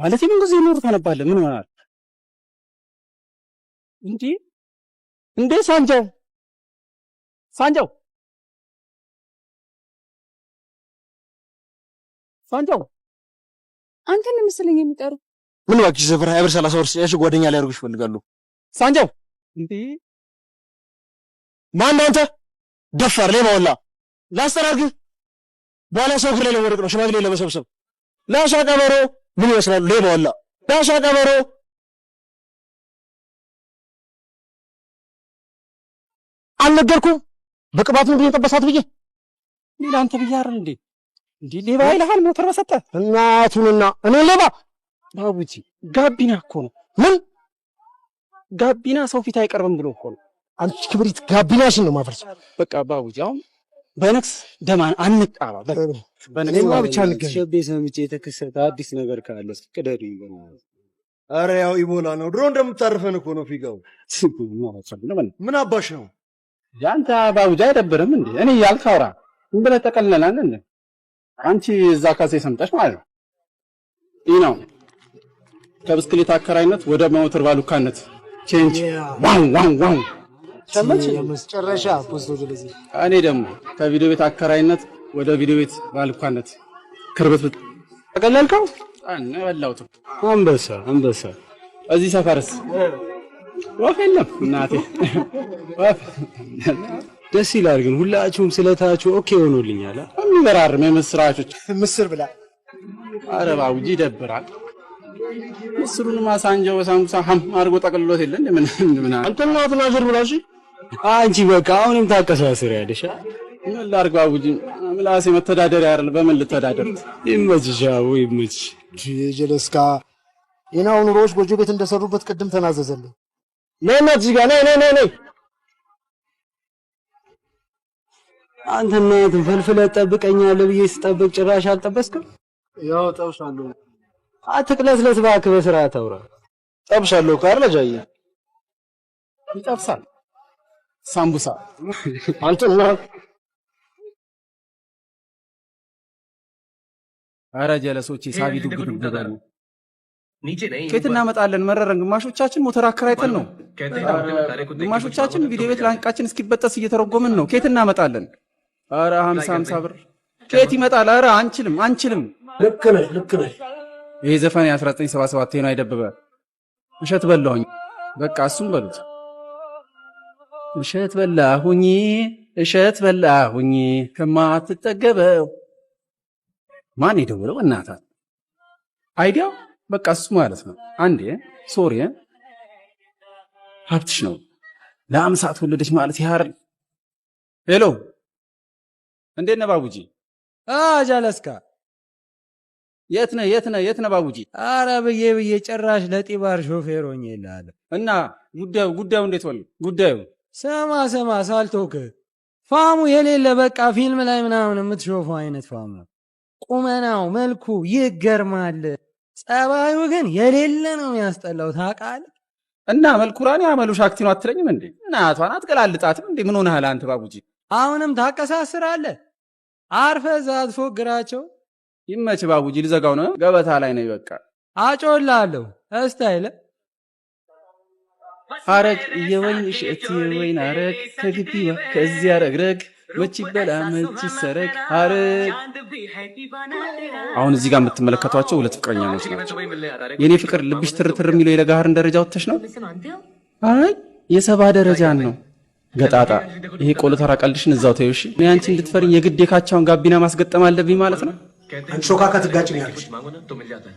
ማለት ምን ጊዜ ኖር ታነባለህ? ምን ይሆናል እንዴ? እንዴ ሳንጃው ሳንጃው ሳንጃው አንተን ምስለኝ የሚጠሩ ምን እባክሽ ዘፈር አብር 30 ወርስ እሺ፣ ስጪያቸው ጓደኛ ሊያደርጉሽ ይፈልጋሉ። ሳንጃው እንዴ ማነህ አንተ ደፋር ሌባ ወላ ላስጠራርግህ በኋላ ሰው ክለለ ወርቅ ነው ሽማግሌ ለመሰብሰብ ላሻ ቀበሮ ምን ይመስላል? ሌባውና ዳሻ ቀበሮ አልነገርኩም። በቅባት ምንድን የጠበሳት ብዬ ሌላ አንተ ብዬ አይደል እንዴ? እንዴ ሌባ አይልሃል? ሞተር በሰጠ እናቱንና እኔ ሌባ ባቡቲ ጋቢና እኮ ነው። ምን ጋቢና ሰው ፊት አይቀርብም ብሎ እኮ ነው። አንቺ ክብሪት ጋቢናሽን ነው ማፈርሰው። በቃ ባቡቲ አሁን በንክስ ደማን አንጣባ በንክስማ ብቻ ሸቤ ሰምቼ የተከሰተ አዲስ ነገር ካለ ቅደዱ። ኧረ ያው ኢቦላ ነው ድሮ እንደምታርፈን እኮ ነው። ፊጋው ምን አባሽ ነው የአንተ ባቡጃ አይደብርም እንዴ? እኔ ያልካውራ ምን ብለህ ተቀለላን እንደ አንቺ እዛ ካሴ ሰምጠሽ ማለት ነው። ይህ ነው ከብስክሌት አከራይነት ወደ መውትር ባሉካነት ቼንጅ ዋን ዋን ዋን ሰመች ጨረሻ ፖስቶች እኔ ደግሞ ከቪዲዮ ቤት አከራይነት ወደ ቪዲዮ ቤት ባልኳነት ክርበት ተቀለልከው አነ በላውት አንበሳ አንበሳ እዚህ ሰፈርስ ወፍ የለም እናቴ ደስ ይላል ግን ሁላችሁም ስለታችሁ ኦኬ ሆኖልኛል። የሚበራርም የምስራቾች ምስር ብላ አረባው ይደብራል። ምስሩን ማሳንጀው በሳምቡሳ ሀም አድርጎ ጠቅልሎት የለ እንደምን እንደምን አንተና አትናዘር ብላሽ አንቺ በቃ አሁንም ታቀሳስሪ ያለሽ ምን ላድርግ? ባቡጂ ምላሴ መተዳደሪያ አይደል? በምን ልተዳደር? ይመችሽ አቡ ይመችሽ። ጀለስካ የናው ኑሮዎች ጎጆ ቤት እንደሰሩበት ቅድም ተናዘዘልኝ። ለእናትሽ ጋር ነይ ነይ ነይ። አንተ እናትህን ፈልፍለህ ትጠብቀኛለህ ብዬ ስጠብቅ ጭራሽ አልጠበስክም። ያው ጠብሻለሁ። አትቅለስለስ እባክህ፣ በስርዓት አውራ። ጠብሻለሁ እኮ አይደል? ጃዬ ይጠብሳል ሳምቡሳ አንተና አረ ጀለሶች ሳቢ ዱግ ዱግ በሉ። ኬት እናመጣለን መረረን። ግማሾቻችን ሞተር አከራይተን ነው፣ ግማሾቻችን ቪዲዮ ቤት ላንቃችን እስኪበጠስ እየተረጎምን ነው። ኬት እናመጣለን? አረ ሀምሳ ሀምሳ ብር ኬት ይመጣል? አረ አንችልም፣ አንችልም። ልክ ነሽ፣ ልክ ነሽ። ዘፈን የ1977 ቴኖ አይደብበ እሸት በለውኝ በቃ እሱም በሉት እሸት በላሁኝ እሸት በላሁኝ ከማትጠገበው ማን የደውለው እናታት አይዲያ በቃ እሱ ማለት ነው። አንዴ ሶሪ ሀብትሽ ነው ለአምሳ ትወለደች ማለት ያር ሄሎ፣ እንዴት ነህ ባቡጂ? ጃለስካ የት ነህ? የት ነህ? የት ነህ ባቡጂ? አረ ብዬ ብዬ ጭራሽ ለጢባር ሾፌሮኝ ይላል እና ጉዳዩ ጉዳዩ እንዴት ሆነ ጉዳዩ ስማ ስማ ሳልቶክ ፋሙ የሌለ በቃ ፊልም ላይ ምናምን የምትሾፈው አይነት ፋም ነው። ቁመናው፣ መልኩ ይገርማል። ጸባዩ ግን የሌለ ነው የሚያስጠላው። ታውቃለህ እና መልኩራን ያመሉሽ አክቲ ነው አትለኝም እንዴ? እናቷን አትገላልጣትም እንዴ? ምን ሆነሃል አንተ ባቡጂ? አሁንም ታቀሳስራለህ። አርፈ ዛት ፎግራቸው ይመች ባቡጂ። ልዘጋው ነው ገበታ ላይ ነው ይበቃ። አጮላለሁ እስታይለ አረግ የወይን እሸት የወይን አረግ ከግቢ ከዚህ ረግረግ መች ይበላ መች ይሰረግ አረግ። አሁን እዚህ ጋር የምትመለከቷቸው ሁለት ፍቅረኛ ናቸው። የእኔ ፍቅር ልብሽ ትርትር የሚለው የለጋህርን ደረጃ ወተሽ ነው። አይ የሰባ ደረጃን ነው ገጣጣ። ይሄ ቆሎ ተራ ቀልድሽን እዛው ተይው እሺ። እኔ አንቺ የግድ የካቻውን ጋቢና ማስገጠም አለብኝ ማለት ነው። አንሾካካ ትጋጭኛለሽ።